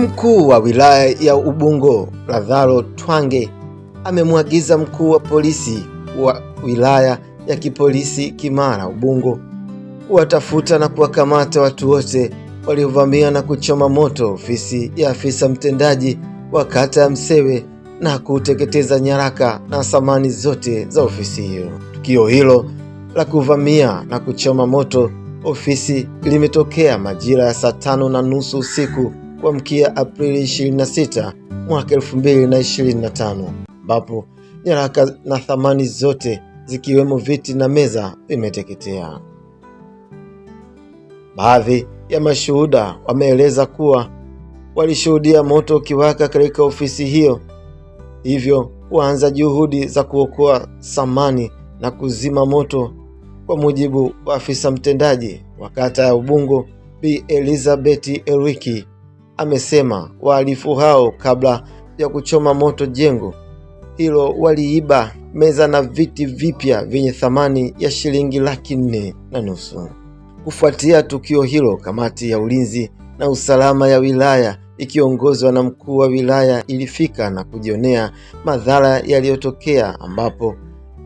Mkuu wa wilaya ya Ubungo Lazaro Twange amemwagiza mkuu wa polisi wa wilaya ya kipolisi Kimara Ubungo kuwatafuta na kuwakamata watu wote waliovamia na kuchoma moto ofisi ya afisa mtendaji wa kata ya Msewe na kuteketeza nyaraka na samani zote za ofisi hiyo. Tukio hilo la kuvamia na kuchoma moto ofisi limetokea majira ya saa tano na nusu usiku kuamkia Aprili 26 mwaka 2025 ambapo nyaraka na thamani zote zikiwemo viti na meza vimeteketea. Baadhi ya mashuhuda wameeleza kuwa walishuhudia moto ukiwaka katika ofisi hiyo, hivyo kuanza juhudi za kuokoa samani na kuzima moto. Kwa mujibu wa afisa mtendaji wa kata ya Ubungo, Bi Elizabeth Elwiki, amesema wahalifu hao kabla ya kuchoma moto jengo hilo waliiba meza na viti vipya vyenye thamani ya shilingi laki nne na nusu. Kufuatia tukio hilo, kamati ya ulinzi na usalama ya wilaya ikiongozwa na mkuu wa wilaya ilifika na kujionea madhara yaliyotokea, ambapo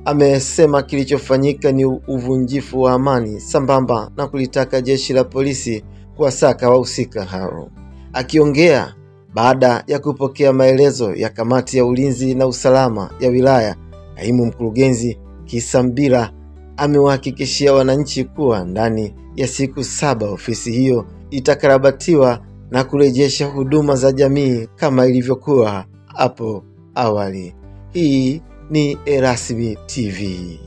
amesema kilichofanyika ni uvunjifu wa amani, sambamba na kulitaka jeshi la polisi kuwasaka wahusika hao. Akiongea baada ya kupokea maelezo ya kamati ya ulinzi na usalama ya wilaya, kaimu mkurugenzi Kisambira amewahakikishia wananchi kuwa ndani ya siku saba ofisi hiyo itakarabatiwa na kurejesha huduma za jamii kama ilivyokuwa hapo awali. Hii ni Erasmi TV.